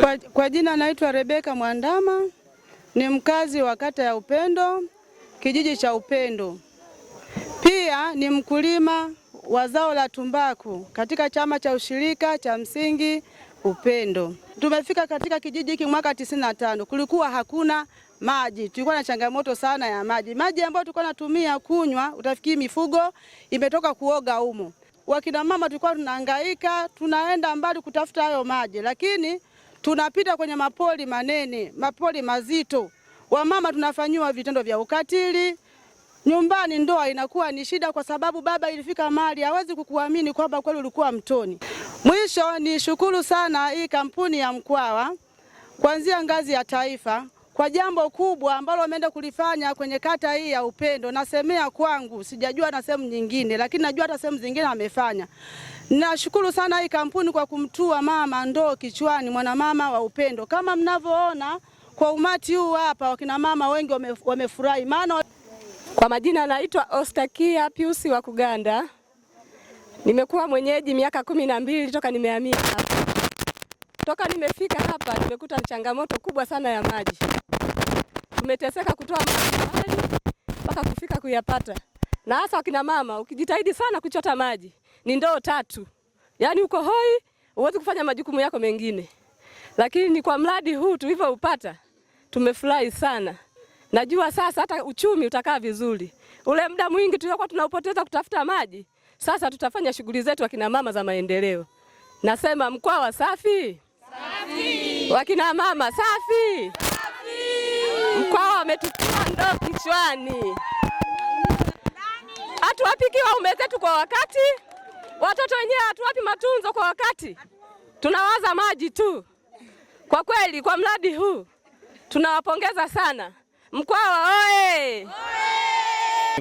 Kwa, kwa jina naitwa Rebeka Mwandama ni mkazi wa kata ya Upendo, kijiji cha Upendo. Pia ni mkulima wa zao la tumbaku katika chama cha ushirika cha msingi Upendo. Tumefika katika kijiji hiki mwaka 95, kulikuwa hakuna maji, tulikuwa na changamoto sana ya maji. Maji ambayo tulikuwa tunatumia kunywa, utafikiri mifugo imetoka kuoga humo Wakina mama tulikuwa tunahangaika, tunaenda mbali kutafuta hayo maji, lakini tunapita kwenye mapoli manene, mapoli mazito, wamama tunafanyiwa vitendo vya ukatili nyumbani, ndoa inakuwa ni shida, kwa sababu baba ilifika mali hawezi kukuamini kwamba kweli ulikuwa mtoni. Mwisho ni shukuru sana hii kampuni ya Mkwawa kuanzia ngazi ya taifa kwa jambo kubwa ambalo wameenda kulifanya kwenye kata hii ya Upendo. Nasemea kwangu, sijajua na sehemu nyingine, lakini najua hata sehemu zingine amefanya Nashukuru sana hii kampuni kwa kumtua mama ndoo kichwani, mwanamama wa Upendo. Kama mnavyoona kwa umati huu hapa, wakina mama wengi wamefurahi wame maana. Kwa majina anaitwa Ostakia Piusi wa Kuganda, nimekuwa mwenyeji miaka kumi na mbili toka nimehamia hapa. Toka nimefika hapa nimekuta changamoto kubwa sana ya maji. Tumeteseka kutoa maji mahali mpaka kufika kuyapata, na hasa wakina mama, ukijitahidi sana kuchota maji ni ndoo tatu, yaani uko hoi, huwezi kufanya majukumu yako mengine. Lakini ni kwa mradi huu tulivyoupata, tumefurahi sana. Najua sasa hata uchumi utakaa vizuri. Ule muda mwingi tuliokuwa tunaupoteza kutafuta maji, sasa tutafanya shughuli zetu akina mama za maendeleo. Nasema Mkwawa safi safi. Wakina mama safi, safi. Mkwawa wametupia ndoo kichwani, hatuwapiki waume zetu kwa wakati, watoto wenyewe hatuwapi matunzo kwa wakati, tunawaza maji tu. Kwa kweli kwa mradi huu tunawapongeza sana Mkwawa oye!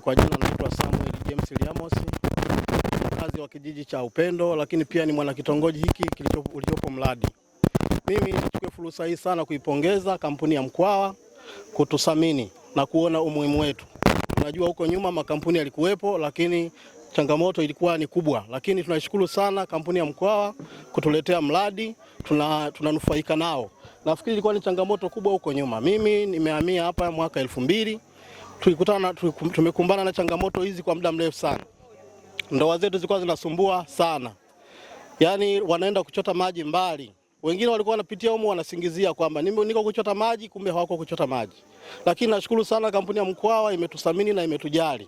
Kwa jina naitwa Samuel James Liamos, mkazi wa kijiji cha Upendo, lakini pia ni mwanakitongoji hiki kilichopo mradi. Mimi nichukue fursa hii sana kuipongeza kampuni ya Mkwawa kututhamini na kuona umuhimu wetu. Unajua huko nyuma makampuni yalikuwepo, lakini changamoto ilikuwa ni kubwa, lakini tunashukuru sana kampuni ya Mkwawa kutuletea mradi, tunanufaika tuna nao. Nafikiri ilikuwa ni changamoto kubwa huko nyuma. Mimi nimehamia hapa mwaka elfu mbili tulikutana, tumekumbana na changamoto hizi kwa muda mrefu sana. Ndoa zetu zilikuwa zinasumbua sana, yaani wanaenda kuchota maji mbali wengine walikuwa wanapitia humo wanasingizia kwamba niko kuchota maji, kumbe hawako kuchota maji. Lakini nashukuru sana kampuni ya Mkwawa imetuthamini na imetujali.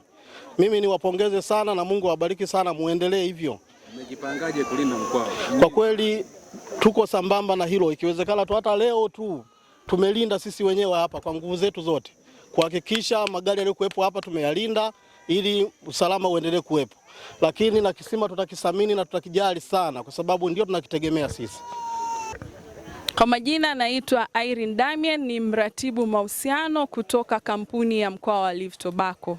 Mimi niwapongeze sana na Mungu awabariki sana, muendelee hivyo. Mmejipangaje kulinda Mkwawa? Kwa kweli tuko sambamba na hilo, ikiwezekana tu hata leo tu tumelinda sisi wenyewe hapa kwa nguvu zetu zote kuhakikisha magari yaliyokuwepo hapa tumeyalinda ili usalama uendelee kuwepo, lakini na kisima tutakisamini na tutakijali sana, kwa sababu ndio tunakitegemea sisi. Kwa majina naitwa Irene Damien, ni mratibu mahusiano kutoka kampuni ya mkoa wa Live Tobacco.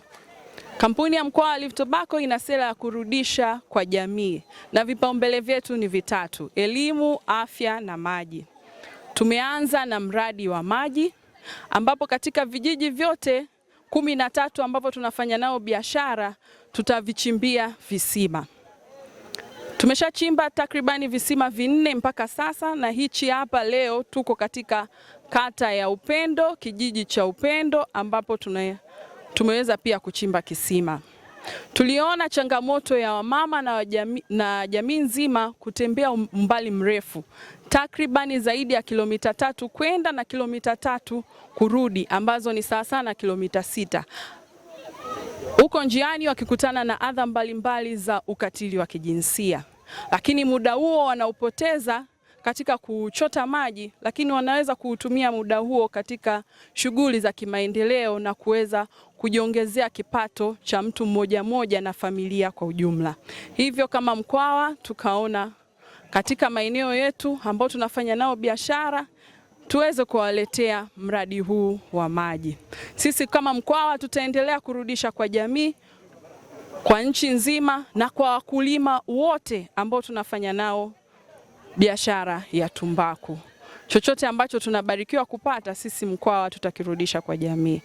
Kampuni ya mkoa wa Live Tobacco ina sera ya kurudisha kwa jamii na vipaumbele vyetu ni vitatu: elimu, afya na maji. Tumeanza na mradi wa maji ambapo katika vijiji vyote kumi na tatu ambavyo tunafanya nao biashara tutavichimbia visima. Tumeshachimba takribani visima vinne mpaka sasa, na hichi hapa leo tuko katika kata ya Upendo, kijiji cha Upendo ambapo tuna, tumeweza pia kuchimba kisima. Tuliona changamoto ya wamama na, wajami, na jamii nzima kutembea um, umbali mrefu takribani zaidi ya kilomita tatu kwenda na kilomita tatu kurudi ambazo ni sawa sana kilomita sita huko njiani wakikutana na adha mbalimbali za ukatili wa kijinsia lakini muda huo wanaupoteza katika kuchota maji, lakini wanaweza kuutumia muda huo katika shughuli za kimaendeleo na kuweza kujiongezea kipato cha mtu mmoja mmoja na familia kwa ujumla. Hivyo kama Mkwawa tukaona katika maeneo yetu ambao tunafanya nao biashara tuweze kuwaletea mradi huu wa maji. Sisi kama Mkwawa tutaendelea kurudisha kwa jamii kwa nchi nzima na kwa wakulima wote ambao tunafanya nao biashara ya tumbaku. Chochote ambacho tunabarikiwa kupata sisi Mkwawa tutakirudisha kwa jamii.